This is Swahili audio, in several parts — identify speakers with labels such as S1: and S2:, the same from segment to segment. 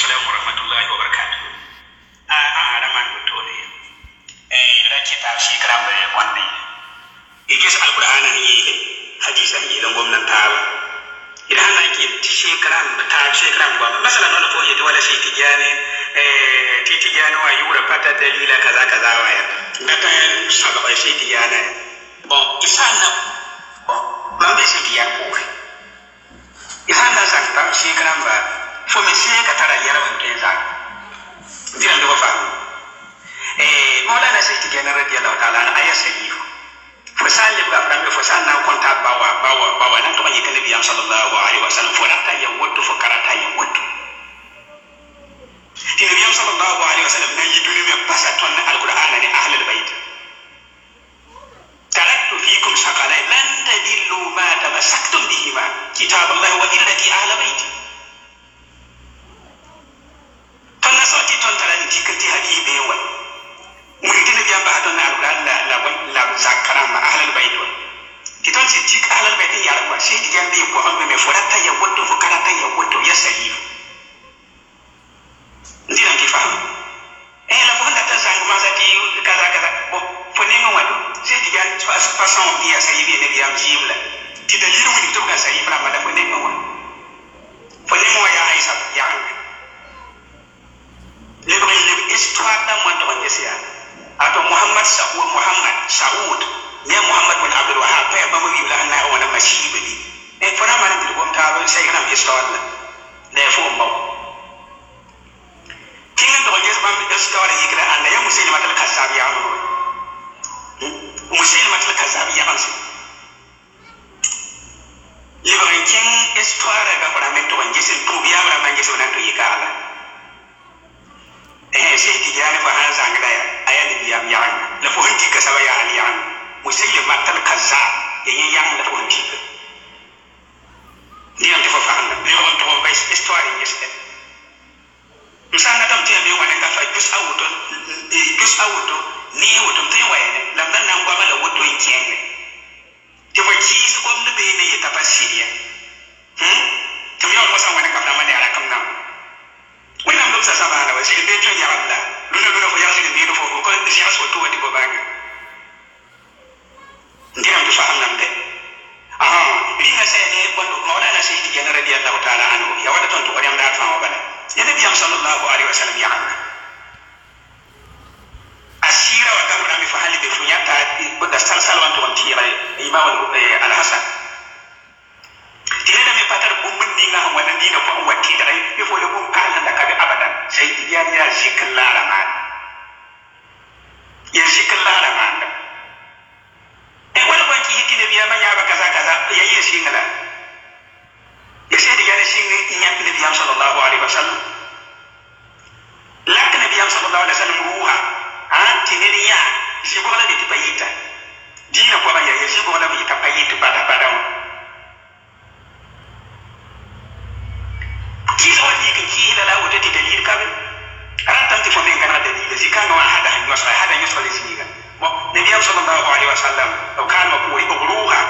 S1: assalamu warahmatullahi wabarakatuh a ah, a ah, araman ah, dotone e eh, rake ta shi karam e kes alqur'ana ni ile hadisa ni ile gwamnan tawa idan ana ke shekaran da ta shekaran gwamna masala nono ko yadda wala shi tijani eh tijani wa yura pata dalila kaza kaza wa ya ngata saba ba shi tijani bon isana bon mambe shi tijani ko isana sakta shekaran ba fo min sẽn ka tara yɛrb n tõe n zag vɩgemdbã fa maulana sẽn tɩ gɛna radiallahu taala an aya sayifu fo sã n lebga rãmbe fo sã n na n kõta bawa bawa bawa nan tɩg n yɩka nabiyam salallahu alaihi wasallam fo rata yen woto fo karata yen woto tɩ nabiyam salallahu alaihi wasallam na yi dũni me pasa tõnd alqur'ana ne ahlalbayt taraktu fikum sakalain lan tadillu ma tamassaktum bihima kitaballahi wa illati ahlabayti كده أن يا مسلمة الكذاب يعملون مسلمة الكذاب يغنسي لبغن كين استوارة بفرامن تبن جسل توبيا برامن جسل نان تيكا على eh sai ti jani fa han zanga da aya ni biyam yan la fo hanti ka sawa ya ali yan musayyima tal kaza yayin yan la to hanti ka ni an ta fa han ni on to ba story ni sai nsanga tam tɩ ya me fa dus a woto dus a woto nii woto m tɩ yẽ wɛɛne la m da nan goama la woto n kẽenge tɩ fo kɩɩs gomd bee ne yeta pa siriya tɩ m yaool wasã wãne ka f nama ne a rakm nam wẽnnaam lobsa sã maana wa zĩr bee tõe yagem la lũna lũna fo yag zĩr miir fo fo woto wa tɩ bãnga n dɩnam tɩ fagemnam dɛ rĩngã sɛ ne bõn maolana sẽn radiallahu taala anhu ya wala tõnd tʋgd yãmb ya nabi sallallahu alaihi wasallam ya anna asira wa gawra mi fahali be funyata bunda salsal wan eh, to wan sallallahu alaihi wasallam to kano ko o ruha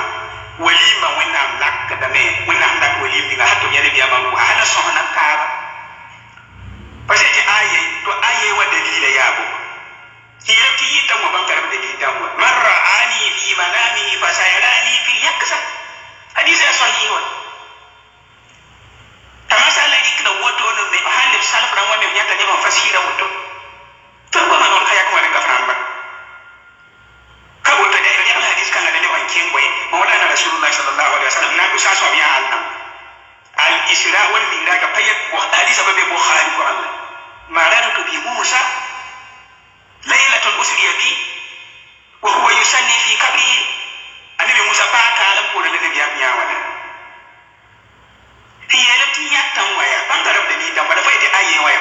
S1: walima wannan nakka da me wannan da ko yimbi na hato yare biya mamu ala sohna kara pase ti aye to aye wa dalila yabo kira ki yita mo ban karam dalil dan wa man ani fi manami fa sayarani fi yaksa hadisi sahih tamasala ikna woto no me halif salaf ran wa me nyata jama fasira woto to ko man on kaya ko ne ka famba مولانا رسول الله صلى الله عليه وسلم نعم ساسو بيا عالنا الإسراء والمعراج فيك وحدي سبب بخاري قال ما رأيك في موسى ليلة أسري بي وهو يصلي في قبره أنا موسى فاتا لم أقول لك يا بيا ولا هي التي يأتم ويا فانت رب لي دم فايت أي ويا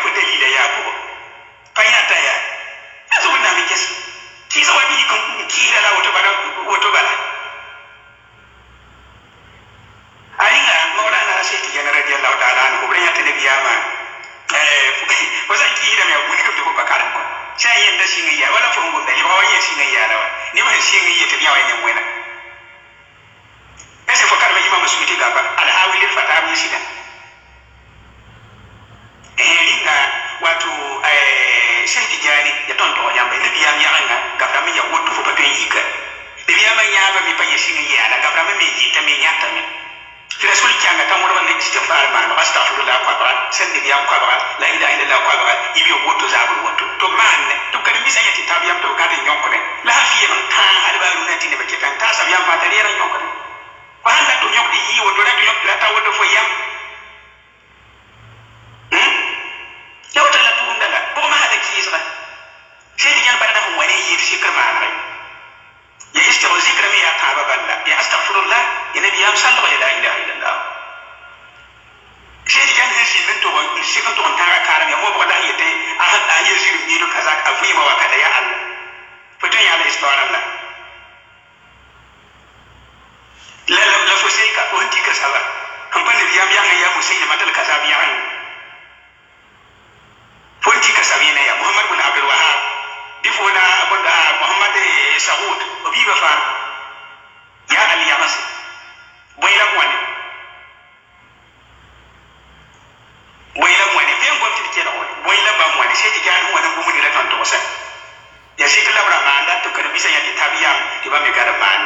S1: imam gara man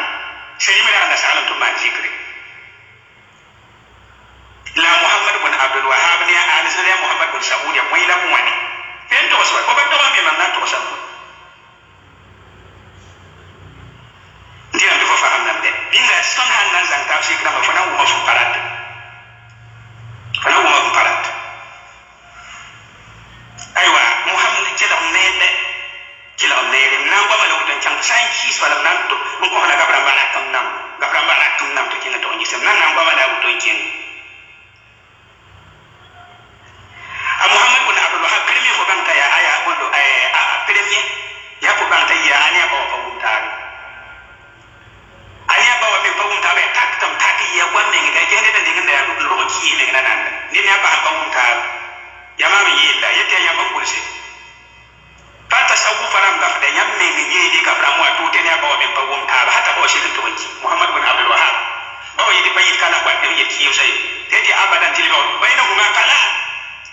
S1: sai imam an salam to man zikri la muhammad bin abdul wahhab ni ala sai muhammad bin saud ya wai la muwani fen to so ko ba to mi man to so ndi an to fa nan de inda son han nan zan ta shi kana fa nan mu fa parade na mtokina taonyesha mnana ambao ana utoikin ah, Muhammad ibn abdul wahab kirmi ko banta ya aya bondo eh a ah, kirmi ah, ya ko banta ya ani ba ko wuntari ani ba wa mi ko wuntari eh, tak tam tak ya wanne ga jehne da dinga da lu ro ki ne na nan ni ne ba ko wuntari ya ma mi yi da yete ya ba kursi fata sawu faram ga da yamme ne ne ka fara mu a tutene ba wa mi ko wuntari hata ba shi da toki muhammad ibn abdul wahab bawo yidi bayit kala kwa dem ye tiyo sai tedi abadan tilba bayna huma kala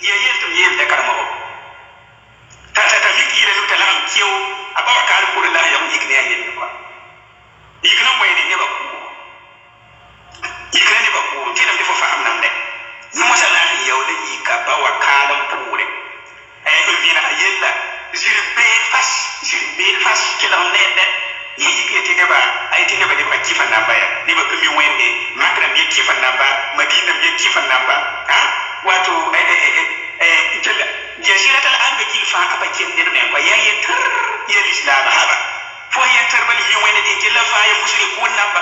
S1: ye ye to ye de karamo ko ta ta ta miki ile luta lam tiyo abawa kar kurla ya ikne ye ne ko ikna mo ne ba ku ikna ne ba ku tilam faham nam ni mo sala ya wala yi ka bawa kalam pure e vina yella jiri be fas jiri fas kilam ne yisigle tɩnebã a yetɩ nebã lebga kɩfa namba ya nebã kõ mi wẽnde makrãm ye kɩfa namba madinam ye kɩfa namba wato jella eh, eh, eh, jasirata l arba gil fãa a pa kem ned me n pa yaa yetr yel islaam haba fo tar bal yi wẽnde tɩ jella fa ya musrik wẽn namba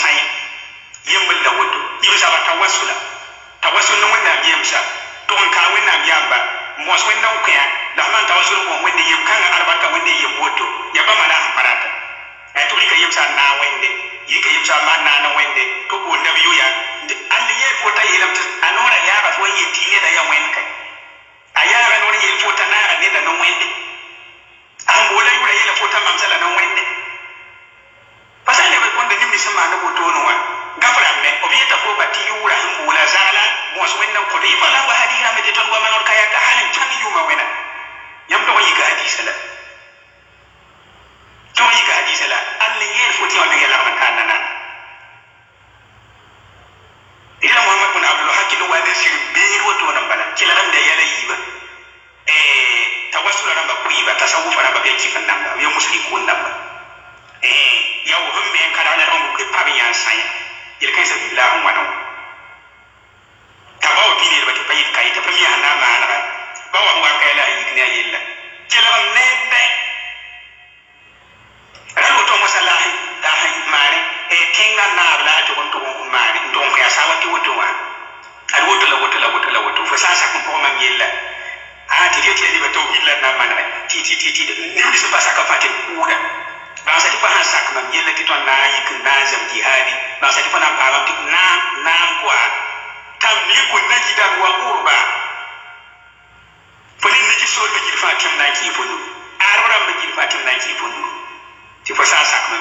S1: sai yemul da woto yimsa ba tawassula tawassul no wẽnnaam yemsa tog n kaa wẽnnaam yamba n mõs wẽnnaam kõ la sẽn tawassul n mõs yem kãngã albarka wẽnde yem woto ya bãmba la sẽn pa rata ay tɩg yemsa n naa wẽnde yika yemsa maan naana wẽnde tɩ boonda b yoya all yeel fota yeelame tɩ a noora yaaba tɩ wa yel tɩ neda ya wẽnd a yaaga noor yel fota naaga neda ne wẽnde sẽn boola yʋra yeela fota mamsa la ne wẽnde mi sẽn maan b wotone wã gãb rãmbe b yeta fo ba tɩ yʋʋra sẽn buula zaala mõos wẽnnaam kõd y bala wa hadis rãmbe tɩ tõnd goamanor ka yaka hal n kãng yʋʋma wẽna yãmb tog n yika hadiisa la tog n yika hadiisa la all n yeel fo tɩ yã bɩg yalgm n kaan nanana yela mohamad bn abdulwahab kɩ n wa da sirm Bueno,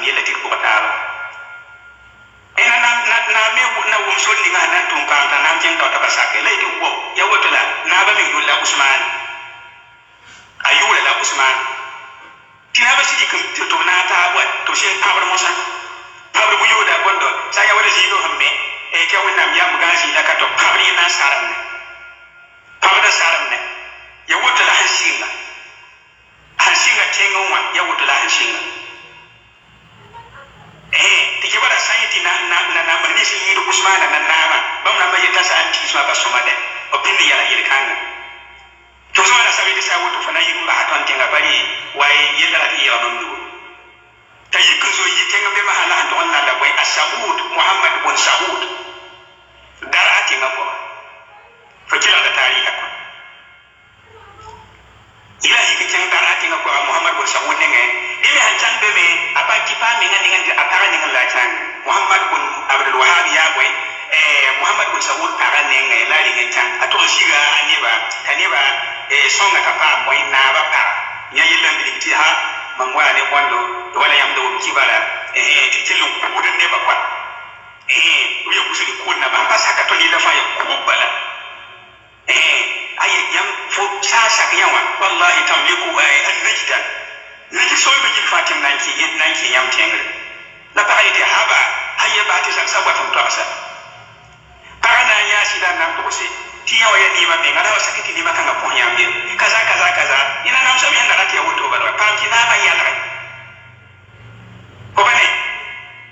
S1: yela ti kuba taaba ena na na me na wum so ni ma na tum pam ta nam jen ta ta basake le ti wo ya wo la na ba mi yulla usman ayura la usman ti na ba shi kum ti to na ta wa to she pabar musa pabar bu yoda gondo sa ya wala jido hamme e ke wannan ya mu gashi da ka to pabar ina saram ne pabar saram ne ya wuta la hansinga hansinga tengon wa ya wuta la hansinga eh tiki saya sayiti na na na na bani si yiru usmana na nama bam na mayi tasa anti isma ba somade o binni yala yiri kanga to sama na sabi sa wutu fana yiru ba hatan tinga bari wai yela la iya mamdu ta yiku zo yi tinga be ma hala to Allah la wai asaud muhammad bin saud darati ngabo fakira da tarihi ila yiki chen ta ati nga kwa muhammad ko sawu ne ngai e, ile han me apa ki pa me ngani ngani atara ne ngala chan muhammad kun abdul wahhab ya boy eh muhammad kun sawu tara ne ngai e, la ri chan ato shiga aniba taniba eh songa ka pa moy e na ba pa nya yilla mbi ti ha mangwa ne kwando wala yam do ki bara eh ti tilu ne ba kwa eh uyo kusiri kuna ba ba saka to ni la fa ya ku aye jam fo ke yawa wallahi tamliku ay annajda nati so be jil fatim nanki yit nanki yam tengre la ta hayde haba haye ba ti saksa ba tumto asa kana ya sida nan to se ti yawa ya ni ma be ngada wasakiti ni makanga pon yam be kaza kaza kaza ina nan so me ngada ti ya wuto ba da pa ki na ba ya na ko bane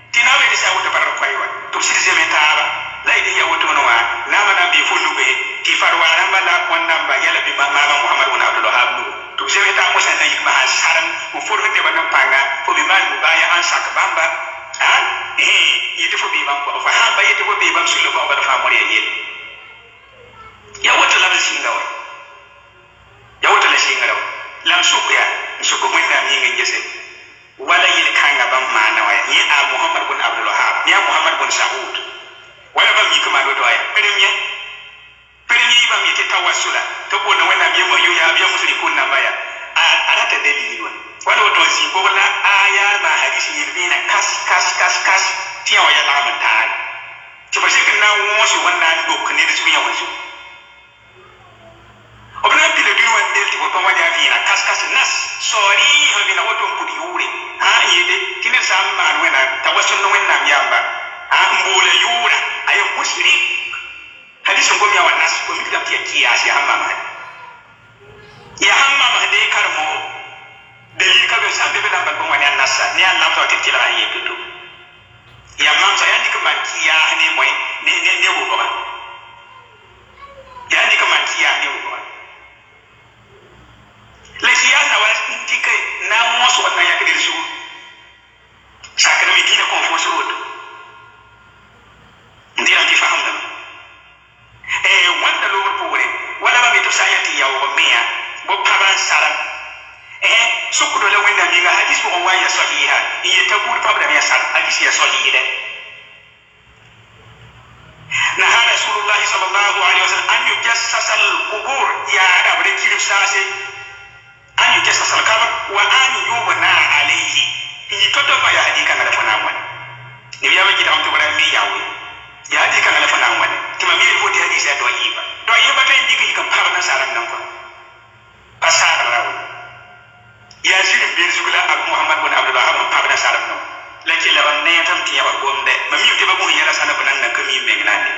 S1: ti na be ti sa wuto ba da ko aywa to si se me ta ba la ide ya wuto no wa ah. na ma na be fo be ti farwa ramba la kon namba yala bi mama ma muhammad ibn abdul wahhab to se ta ko sa nayi ma hasaram o furu de ba panga fo bi mal mubaya an sak bamba ha eh yiti fo bi bam ko fa ha ba yiti fo bi bam sulu ba ba fa mo ye ya wata la sin gawa ya la sin gawa lam sukuya suku mo na mi wala yil kanga bam mana wa ni a muhammad ibn abdul wahhab ya muhammad ibn wala bam yi kuma do do ya kare Perenye iba mi ke kawa sula. Tobo na wena mbaya. Arata dalili wa. Wala utonsi mbola ayar ma hadisi yirvina kas Tiya wa ya lama taari. na wonsi wana ndo kanedi subi ya wazu. Obna pile duru wa ndelti ya vina kas kas nas. Sorry havina watu mpudi ure. Ha yede. Tine sama wena tawasu na Ha mbule yura. Ayo muslim. hadisi ngomi ya wannan su komi gam tiya kiyas ya hamma mahdi ya hamma mahdi karmo dalil ka be sambe be lambal bon wani annasa ne allah to tikila ayi tutu ya mam sa yandi ka man kiya ne moy ne ne ne wo ba yandi ka man kiya ne wo ba le siya na wa tike na mo so na ya kidir su sakana mi dina kon fo so wodo ndira di faham dama Eh, wanda loor poore wala ba mi to sãn yaa tɩ mea bo pãba n sara eh, sʋkdo la wẽnnaam yĩnga hadis pʋgẽ wa n yaa sahiha n yeta buud pãb dame yaa sara hadis yaa sahih na naha rasulullahi sallallahu alaihi wasallam an yujassasa al-qubur ya abre kirim sase an yujassasa al-qabr wa an yubna alayhi ni toto fa ya hadika ngala fana wan ni biya ba kitam to bara mi yawe ya di kan alfa nan wani tuma mi ko di hadisi do yiba do yiba tan di ki kan parna saran nan ko pasara rawu ya shirin bin sugula abu muhammad bin abdul wahab parna saran nan laki laban ne tan tiya ba gombe mami ti ba mun yara sana bunan nan kami mengna ne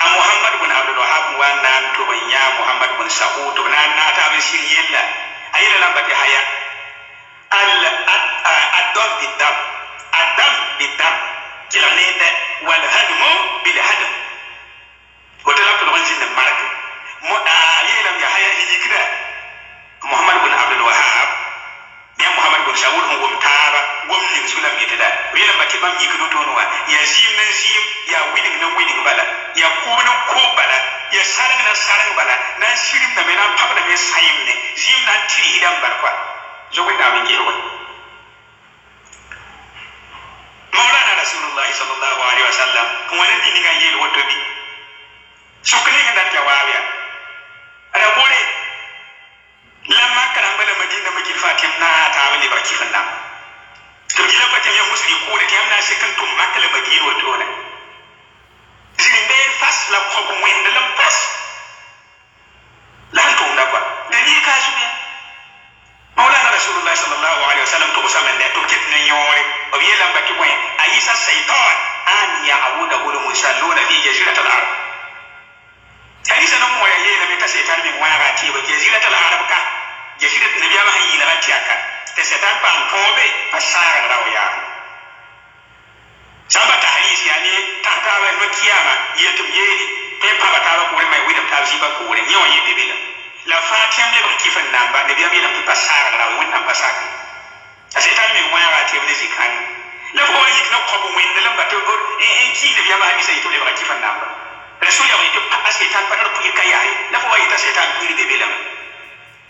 S1: a muhammad bin Abdullah wahab wannan to ban ya muhammad bin sa'ud na na ta bin shin yella ya, ayila ba bati haya al eh, ad dam bidam adam dam bidam kilaneta wal hadmu bil hadm hoto la ko jinna marke mo ayelam ya haya hijikra muhammad bin abdul wahhab ne muhammad bin shawul hon gum tara gum ni sulam yitida wilam ba kibam yikdo tonwa ya sim na sim ya winning na winning bala ya kubna ko bala ya sarang na sarang bala na sirim na mena pabla me sayim ne sim na tiri hidan barkwa zogo da min ke hoto rasulullahi sallallahu alaihi wasallam wani dini kan yel wato bi sukne kan da jawabiya ada bore lamma karam bala madina makil fatim na ta wani baki fanna to gila fatim ya musri ko da yamna oh, shi tum makala madina wato ne zirin fas la ko ko wanda lam fas rasulullah sallallahu alaihi wasallam to samen da to kitne yore o biye lamba ki kwen ayisa shaytan an ya'budu al musalluna fi jaziratil arab ayisa no mo yaye da meta shaytan min wara ti ba jaziratil arab ka jazirat nabiya ma hayi la ti aka te shaytan pa an pobe pasara rawo ya samba tahrisi yani tantawa no kiyama yetum yeli pe pa ba ta ba ko mai widam ta ba l'enfant lebg kɩf n namba nebiyaam yeelame tɩ pa saagra wẽnnaam pa sak asetãn me wãaga tɩ b ne zikãng la fo wa yik na kõb wẽnd la n ba tɩ n kɩɩ nebiyaam hadisa yetɩ b lebga kɩf n namba rasul yaa yetɩ asetãn pa nar pʋɩr ka yaye la fo wa yetɩ asetãn pʋɩr be be lame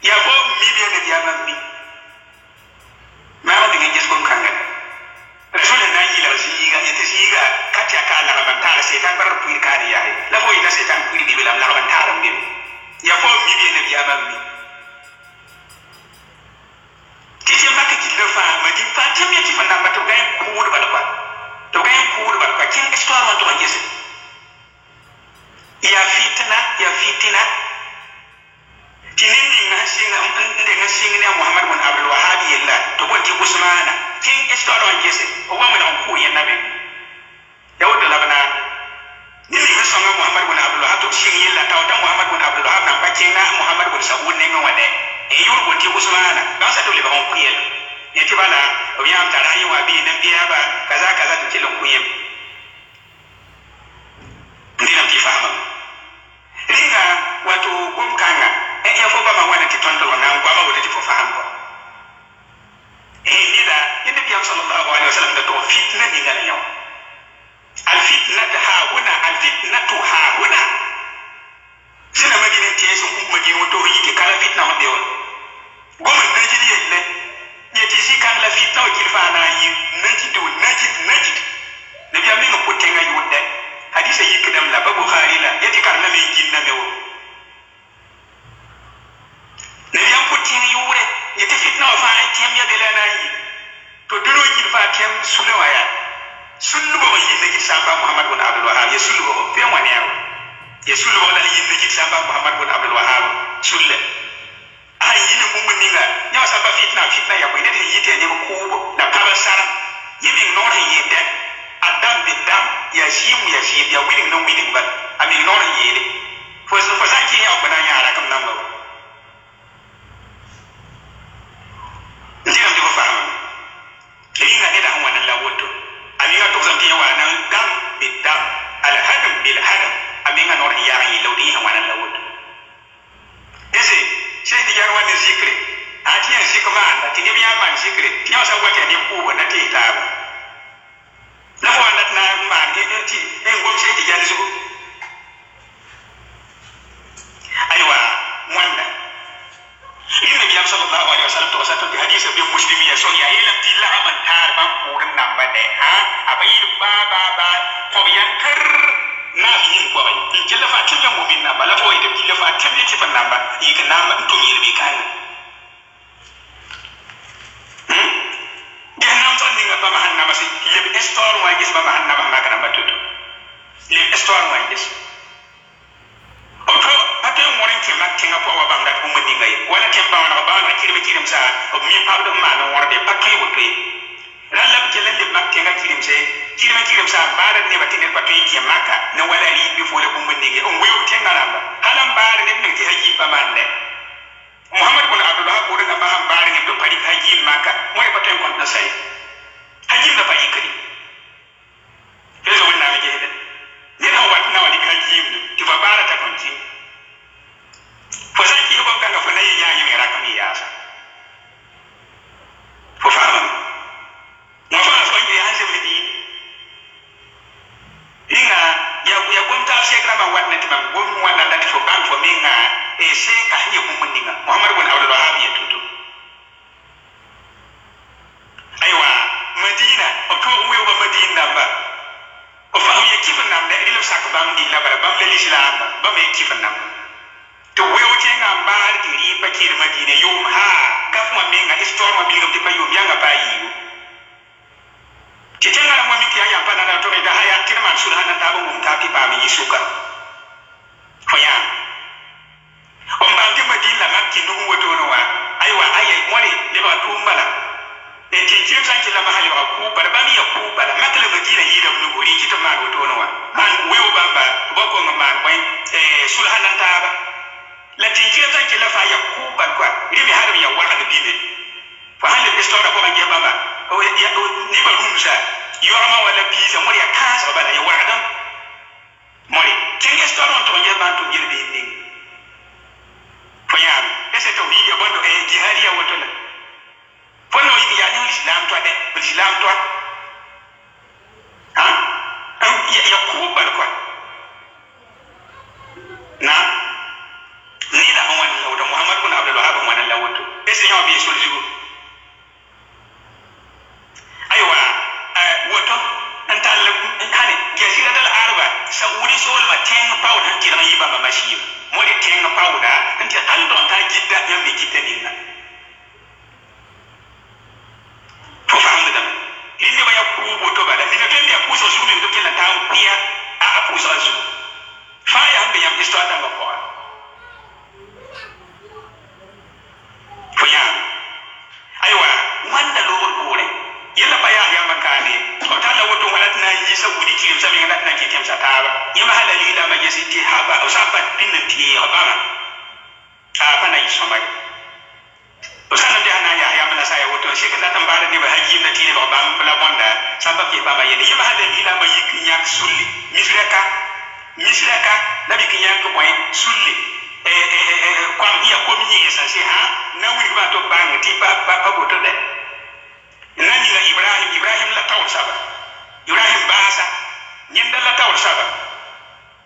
S1: yaa fo mi bɩa nebiyaamã mi maam ning n ges bõn kãnga rasul na n yɩlg zĩiga yetɩ zĩiga ka tɩ a kaa lagm n taar asetãn pa nar la fo wa yetɩ asetãn pʋɩr be be lame lagm n taarem be yɛkɔ mmiri na biaba mmi titi mba ke kitire faa ma di fa kyɛm yɛ kifa na ma to gan kuuru ba kwa to gan kuuru ba kwa kyɛn ɛsɔ E, e, ti neb yãa maan zikre tɩ yãwã sã n wa tɩ yaa neb na tɩɩ taaba la fo wa tɩ na n maan tɩ n gom tɩ yɛl zugu aywa wãnda yẽ nabiyam salallahu alaihi wasallam tʋgsa tɩ hadisa be muslim ya sõn yaa yeelame tɩ lagm taar bãmb pʋʋr n namba ne ã a ba yɩl baa baa baa kõb yãn kr naab yĩn kɔbe n kell fa tɩ la mumin namba la fo wa yetɩ fa tɩb ne tɩ b namba yik namba n tʋm yel bɩ kãnga ba mahannama masi lim histoire mooy gis ba mahannama maa kana batutu lim histoire mooy gis oto ato ngorin ke mak tinga po wa bangda ko mudi ngai wala ke ba na ba na kirim kirim sa mi pa do ma no worde pakke wo pe lalla ke lalle mak tinga kirim se kirim kirim sa bara ne batin ba to yike maka na wala ri bi fo le ko mudi ngai on wew tinga ramba halam bara ne ne ti haji ba mande muhammad bin abdullah ko daga ba han bara ne do pari haji maka mo e baten kon na sai Они многодикари. tir madina yom ha kaf menga istor e mo bilgam te payum yanga payi titenga la mwami kiya yampa na to da haya tirman sulha na tabo mum pa mi suka hoya on ba madina makki ndu woto wa aywa ayai mori le tumbala ne tinjim san kila mahali wa ku barba ya ku makla madina yidam no gori kitama woto wa man wewo bamba bokko ngam man e, sulha na taba la ti keta ke la fa ya ku ban kwa ri mi haru ya wa ga bibe fa hal bi stora ko ngi baba o ya o ni ba rum ya ka sa ya wa ga mori tinge stora to ngi ban to gil bi ni fa ya ese to ya bondo e ji hari la fa no ya ni islam to de islam to ya ku ban la tambara ni ha yim na tiri ba la monda samba ke ba yene yim ha den ila ma yik nyak sulli misreka misreka la bi kinyak ko sulli e e e kwam hiya ko mi ni sa si ha na wi ba to ba ni ti ba ba ba bo de nani la ibrahim ibrahim la tawl saba ibrahim basa nyinda la tawl saba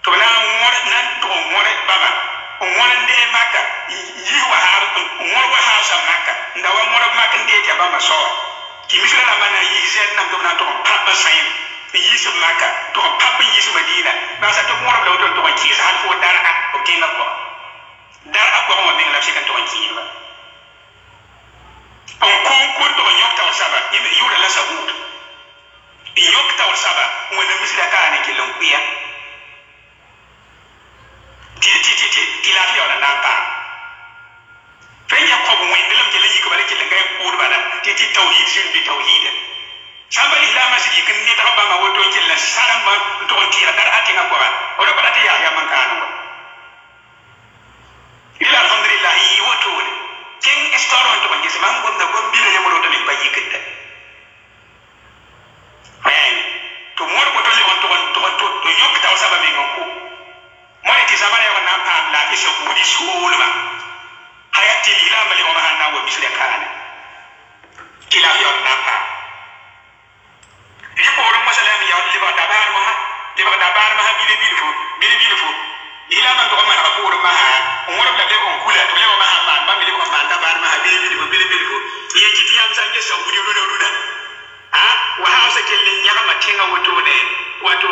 S1: to na ngore nan to ngore baba wani ne maka yi wa har wani wa har sa maka da wani wani maka ne ke ba maso ki mi shira mana yi zai nan to na to papa sai yi su maka to papa yi su madina ba sa to wani lawo to ki sa ko dar ah, ah, a ko ke na ko dar a ko mo min la shi kan to ki ba on ko ko to nyokta wa saba ina yura la sabut nyokta wa saba wani misira ka ne ke lankuya ti ti ti jun bi tawhid samba islam sidi kin ni ta woto la salam ma to on tira dar atinga ko ra odo bada ti ya ya man kanu ila alhamdulillah yi woto ne kin istoro man gon mo do bayi kidda men to mor ko to le on to on to to to yok ta saba min ko mor ti samare on nan pa la so ko di hayati ila o ma wo kana kilabyonna yipoorẽ masala n yag lebg dabaar masã lebg dabaar masã mili bilfu mili bilfu yɩla man tog n manega poorẽ masã n wẽrb la lebg n kula tɩ b lebg masã n maan bãmb lebg n maan dabaar masã bee bilfu mili bilfu yẽ kɩ tɩ yãmb sã n ges n wuni rũna rũna a wa sãgsã kell n yãgma tẽngã wotone wato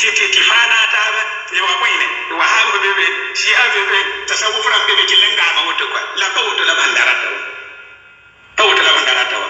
S1: tɩ fãa naa taaba lebga bõene tɩ wahaabr bebe sia bebe tasawuf rãmb bebe kell n gaama woto kɔa la pa woto la bãn da rata wa pa woto la bãn da rata wa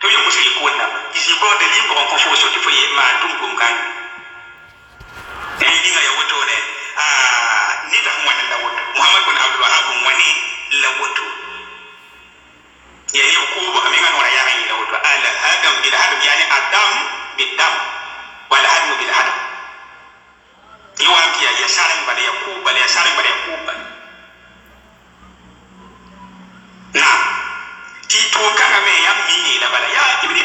S1: 都有不是一个人呐，伊是搞的领导跟说说的不也蛮中共干。哎，你那要我做呢？啊，你的我那我，我们跟阿布拉布我呢，那我做。يعني عقوبة من أنواع يعني لو قال هدم بالهدم يعني الدم بالدم والهدم بالهدم يوم كي يسارم بل يقوب بل يسارم بل يقوب بل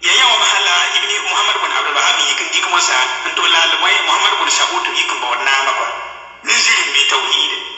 S1: ya yawa mahala ibni muhammad bin abdul wahab yikin dikmo sa ntola lmoy muhammad bin sabut yikin bawna makwa nziri mi tawhid